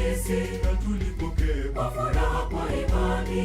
sisi na tulipokee kwa furaha kwa imani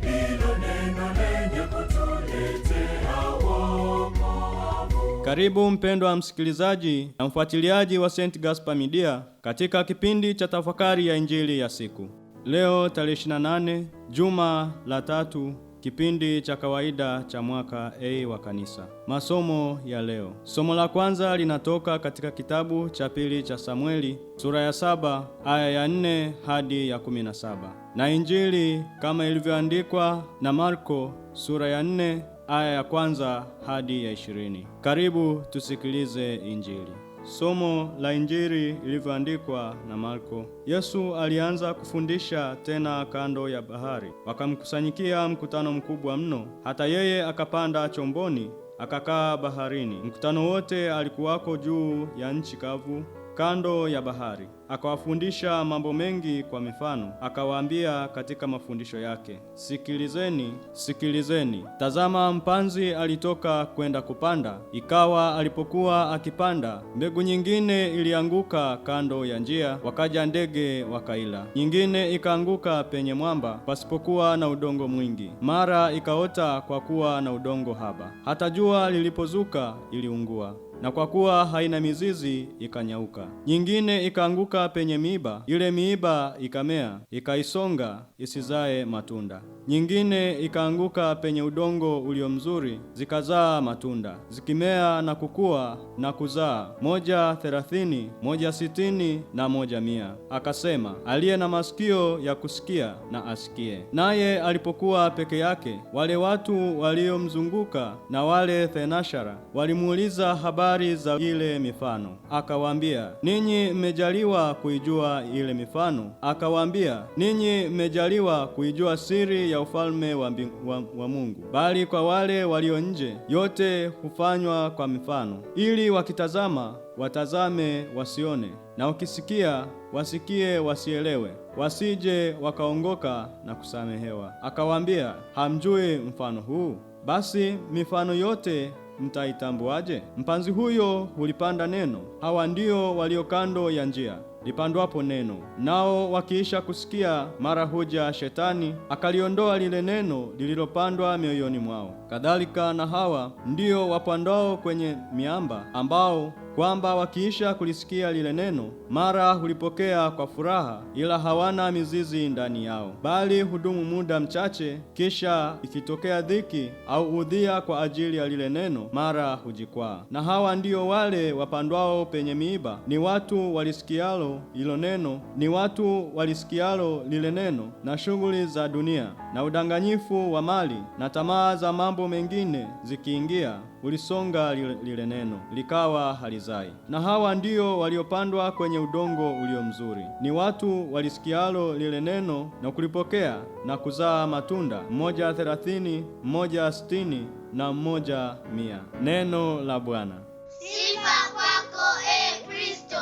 hilo neno lenye kutuletea wokovu. Karibu mpendwa msikilizaji na mfuatiliaji wa St. Gaspar Media katika kipindi cha tafakari ya Injili ya siku. Leo tarehe 28 juma la tatu Kipindi cha kawaida cha mwaka A wa kanisa. Masomo ya leo. Somo la kwanza linatoka katika kitabu cha pili cha Samueli sura ya saba aya ya nne hadi ya kumi na saba na Injili kama ilivyoandikwa na Marko sura ya nne aya ya kwanza hadi ya ishirini. Karibu tusikilize Injili. Somo la Injili ilivyoandikwa na Marko. Yesu alianza kufundisha tena kando ya bahari, wakamkusanyikia mkutano mkubwa mno, hata yeye akapanda chomboni akakaa baharini. Mkutano wote alikuwako juu ya nchi kavu, kando ya bahari. Akawafundisha mambo mengi kwa mifano, akawaambia katika mafundisho yake, Sikilizeni, sikilizeni. Tazama, mpanzi alitoka kwenda kupanda. Ikawa alipokuwa akipanda, mbegu nyingine ilianguka kando ya njia, wakaja ndege wakaila. Nyingine ikaanguka penye mwamba, pasipokuwa na udongo mwingi, mara ikaota kwa kuwa na udongo haba, hata jua lilipozuka iliungua na kwa kuwa haina mizizi ikanyauka. Nyingine ikaanguka penye miiba, ile miiba ikamea, ikaisonga isizae matunda. Nyingine ikaanguka penye udongo ulio mzuri, zikazaa matunda, zikimea na kukua na kuzaa, moja thelathini, moja sitini na moja mia. Akasema, aliye na masikio ya kusikia na asikie. Naye alipokuwa peke yake, wale watu waliomzunguka na wale thenashara walimuuliza habari habari za ile mifano. Akawaambia, ninyi mmejaliwa kuijua ile mifano? Akawaambia, ninyi mmejaliwa kuijua siri ya ufalme wa, wa, wa Mungu, bali kwa wale walio nje yote hufanywa kwa mifano, ili wakitazama watazame wasione, na wakisikia wasikie wasielewe, wasije wakaongoka na kusamehewa. Akawaambia, hamjui mfano huu? Basi mifano yote mtaitambuaje? Mpanzi huyo hulipanda neno. Hawa ndio walio kando ya njia lipandwapo neno, nao wakiisha kusikia, mara huja shetani akaliondoa lile neno lililopandwa mioyoni mwao. Kadhalika na hawa ndio wapandwao kwenye miamba, ambao kwamba wakiisha kulisikia lile neno mara hulipokea kwa furaha, ila hawana mizizi ndani yao, bali hudumu muda mchache. Kisha ikitokea dhiki au udhia kwa ajili ya lile neno, mara hujikwaa. Na hawa ndiyo wale wapandwao penye miiba, ni watu walisikialo ilo neno, ni watu walisikialo lile neno na shughuli za dunia na udanganyifu wa mali na tamaa za mambo mengine zikiingia ulisonga lile neno likawa halizai. Na hawa ndiyo waliopandwa kwenye udongo ulio mzuri, ni watu walisikialo lile neno na kulipokea na kuzaa matunda, mmoja thelathini, mmoja sitini na mmoja mia. Neno la Bwana. Sifa kwako e Kristo.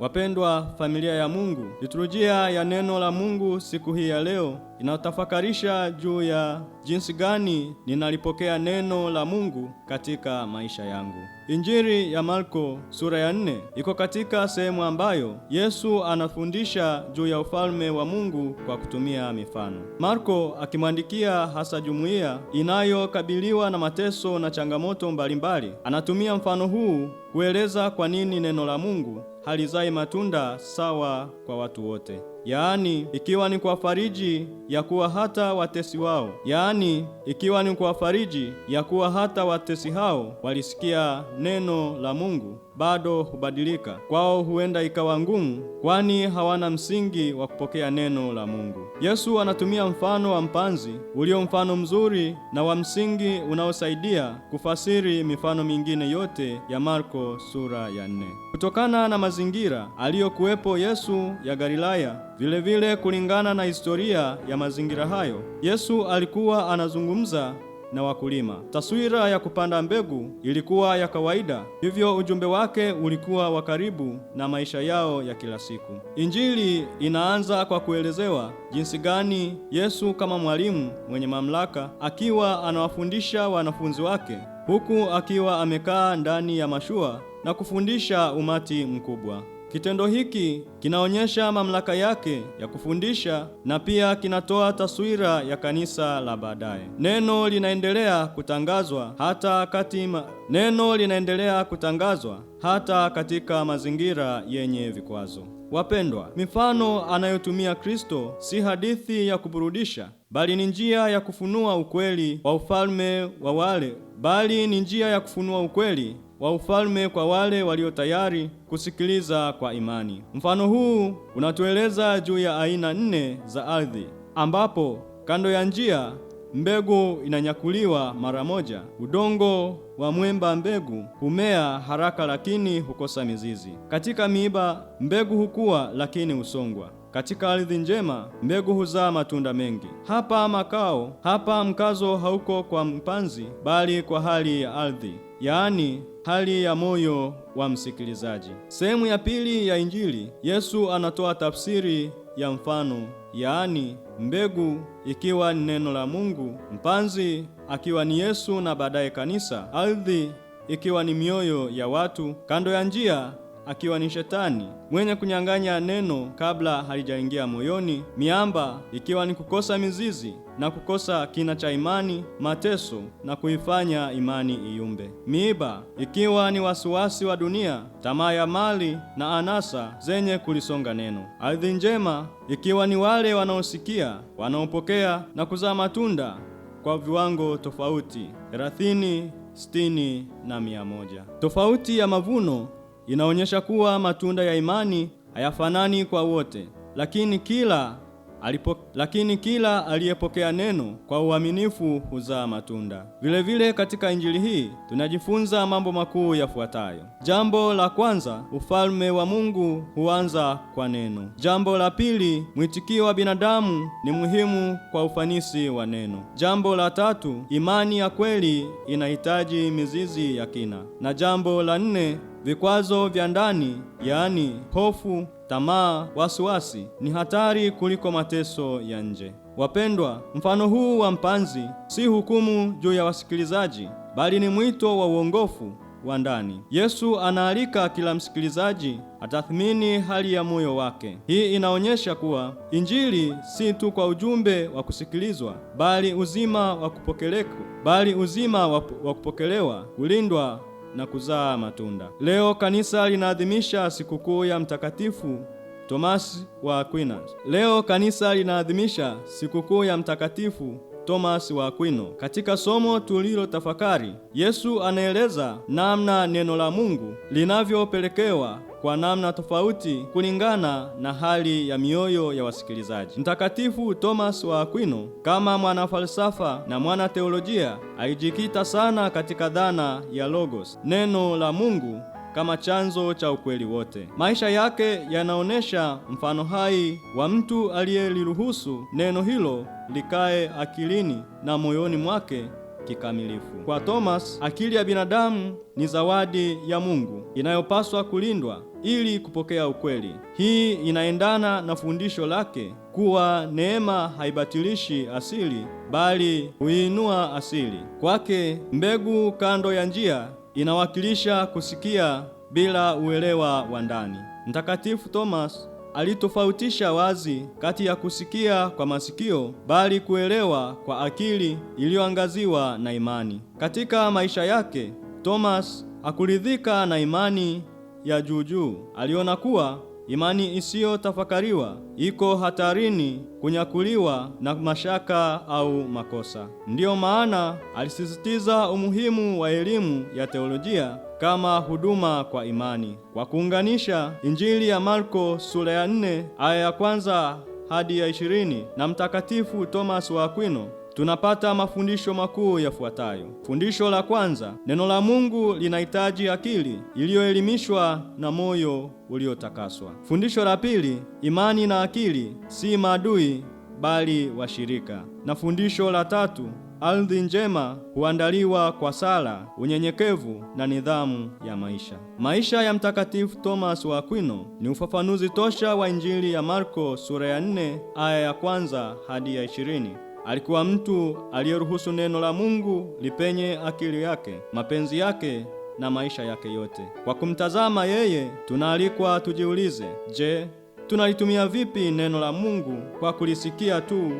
Wapendwa familia ya Mungu, liturujia ya neno la Mungu siku hii ya leo inatafakarisha juu ya jinsi gani ninalipokea neno la Mungu katika maisha yangu. Injili ya Marko sura ya nne iko katika sehemu ambayo Yesu anafundisha juu ya ufalme wa Mungu kwa kutumia mifano. Marko akimwandikia hasa jumuiya inayokabiliwa na mateso na changamoto mbalimbali, anatumia mfano huu kueleza kwa nini neno la Mungu halizai matunda sawa kwa watu wote yaani ikiwa ni kwa fariji ya kuwa hata watesi wao, yaani ikiwa ni kwa fariji ya kuwa hata watesi hao walisikia neno la Mungu bado hubadilika, kwao huenda ikawa ngumu, kwani hawana msingi wa kupokea neno la Mungu. Yesu anatumia mfano wa mpanzi ulio mfano mzuri na wa msingi unaosaidia kufasiri mifano mingine yote ya Marko sura ya nne. Kutokana na mazingira aliyokuwepo Yesu ya Galilaya, vilevile vile kulingana na historia ya mazingira hayo, Yesu alikuwa anazungumza na wakulima. Taswira ya kupanda mbegu ilikuwa ya kawaida, hivyo ujumbe wake ulikuwa wa karibu na maisha yao ya kila siku. Injili inaanza kwa kuelezewa jinsi gani Yesu kama mwalimu mwenye mamlaka akiwa anawafundisha wanafunzi wake huku akiwa amekaa ndani ya mashua na kufundisha umati mkubwa. Kitendo hiki kinaonyesha mamlaka yake ya kufundisha na pia kinatoa taswira ya kanisa la baadaye. Neno linaendelea kutangazwa hata ma... neno linaendelea kutangazwa hata katika mazingira yenye vikwazo. Wapendwa, mifano anayotumia Kristo si hadithi ya kuburudisha, bali ni njia ya kufunua ukweli wa ufalme wa wale bali ni njia ya kufunua ukweli wa ufalme kwa wale walio tayari kusikiliza kwa imani. Mfano huu unatueleza juu ya aina nne za ardhi, ambapo kando ya njia mbegu inanyakuliwa mara moja. Udongo wa mwemba mbegu humea haraka, lakini hukosa mizizi. Katika miiba mbegu hukua, lakini husongwa. Katika ardhi njema mbegu huzaa matunda mengi. Hapa makao, hapa mkazo hauko kwa mpanzi, bali kwa hali ya ardhi, yaani hali ya moyo wa msikilizaji. Sehemu ya pili ya Injili, Yesu anatoa tafsiri ya mfano, yaani mbegu ikiwa ni neno la Mungu, mpanzi akiwa ni Yesu na baadaye kanisa, ardhi ikiwa ni mioyo ya watu, kando ya njia akiwa ni shetani mwenye kunyang'anya neno kabla halijaingia moyoni, miamba ikiwa ni kukosa mizizi na kukosa kina cha imani, mateso na kuifanya imani iyumbe, miiba ikiwa ni wasiwasi wa dunia, tamaa ya mali na anasa zenye kulisonga neno, ardhi njema ikiwa ni wale wanaosikia, wanaopokea na kuzaa matunda kwa viwango tofauti 30, 60 na 100. Tofauti ya mavuno Inaonyesha kuwa matunda ya imani hayafanani kwa wote, lakini kila alipo, lakini kila aliyepokea neno kwa uaminifu huzaa matunda. Vilevile vile katika injili hii tunajifunza mambo makuu yafuatayo. Jambo la kwanza, ufalme wa Mungu huanza kwa neno. Jambo la pili, mwitikio wa binadamu ni muhimu kwa ufanisi wa neno. Jambo la tatu, imani ya kweli inahitaji mizizi ya kina. Na jambo la nne, vikwazo vya ndani, yaani hofu tamaa, wasiwasi ni hatari kuliko mateso ya nje. Wapendwa, mfano huu wa mpanzi si hukumu juu ya wasikilizaji, bali ni mwito wa uongofu wa ndani. Yesu anaalika kila msikilizaji atathmini hali ya moyo wake. Hii inaonyesha kuwa injili si tu kwa ujumbe wa kusikilizwa, bali uzima wa kupokeleka, bali uzima wa kupokelewa, kulindwa na kuzaa matunda. Leo kanisa linaadhimisha sikukuu ya Mtakatifu Tomasi wa Aquinas. Leo kanisa linaadhimisha sikukuu ya Mtakatifu Thomas wa Aquino. Katika somo tulilo tafakari, Yesu anaeleza namna neno la Mungu linavyopelekewa kwa namna tofauti kulingana na hali ya mioyo ya wasikilizaji. Mtakatifu Thomas wa Aquino, kama mwanafalsafa na mwana teolojia, alijikita sana katika dhana ya logos, neno la Mungu kama chanzo cha ukweli wote. Maisha yake yanaonesha mfano hai wa mtu aliyeliruhusu neno hilo likae akilini na moyoni mwake kikamilifu. Kwa Thomas, akili ya binadamu ni zawadi ya Mungu inayopaswa kulindwa ili kupokea ukweli. Hii inaendana na fundisho lake kuwa neema haibatilishi asili bali huinua asili. Kwake, mbegu kando ya njia inawakilisha kusikia bila uelewa wa ndani. Mtakatifu Thomas alitofautisha wazi kati ya kusikia kwa masikio bali kuelewa kwa akili iliyoangaziwa na imani. Katika maisha yake, Thomas hakuridhika na imani ya juujuu Aliona kuwa Imani isiyotafakariwa iko hatarini kunyakuliwa na mashaka au makosa. Ndiyo maana alisisitiza umuhimu wa elimu ya teolojia kama huduma kwa imani, kwa kuunganisha Injili ya Marko sura ya 4 aya ya kwanza hadi ya 20 na Mtakatifu Thomas wa Aquino tunapata mafundisho makuu yafuatayo. Fundisho la kwanza, neno la Mungu linahitaji akili iliyoelimishwa na moyo uliotakaswa. Fundisho la pili, imani na akili si maadui bali washirika. Na fundisho la tatu, ardhi njema huandaliwa kwa sala, unyenyekevu na nidhamu ya maisha. Maisha ya Mtakatifu Thomas wa Aquino ni ufafanuzi tosha wa Injili ya Marko sura ya 4 aya ya kwanza hadi ya ishirini. Alikuwa mtu aliyeruhusu neno la Mungu lipenye akili yake, mapenzi yake na maisha yake yote. Kwa kumtazama yeye, tunaalikwa tujiulize, je, tunalitumia vipi neno la Mungu? Kwa kulisikia tu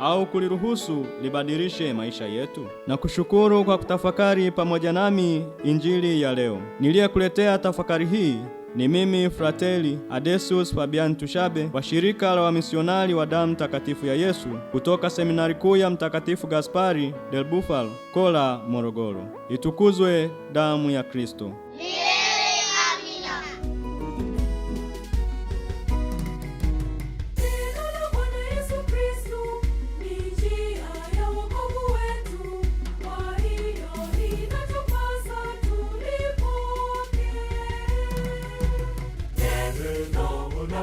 au kuliruhusu libadilishe maisha yetu? Na kushukuru kwa kutafakari pamoja nami injili ya leo. Niliyekuletea tafakari hii ni mimi Frateli Adesius Fabian Tushabe wa shirika la wamisionari wa damu takatifu ya Yesu kutoka seminari kuu ya Mtakatifu Gaspari del Bufalo, Kola, Morogoro. Itukuzwe damu ya Kristo!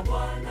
one.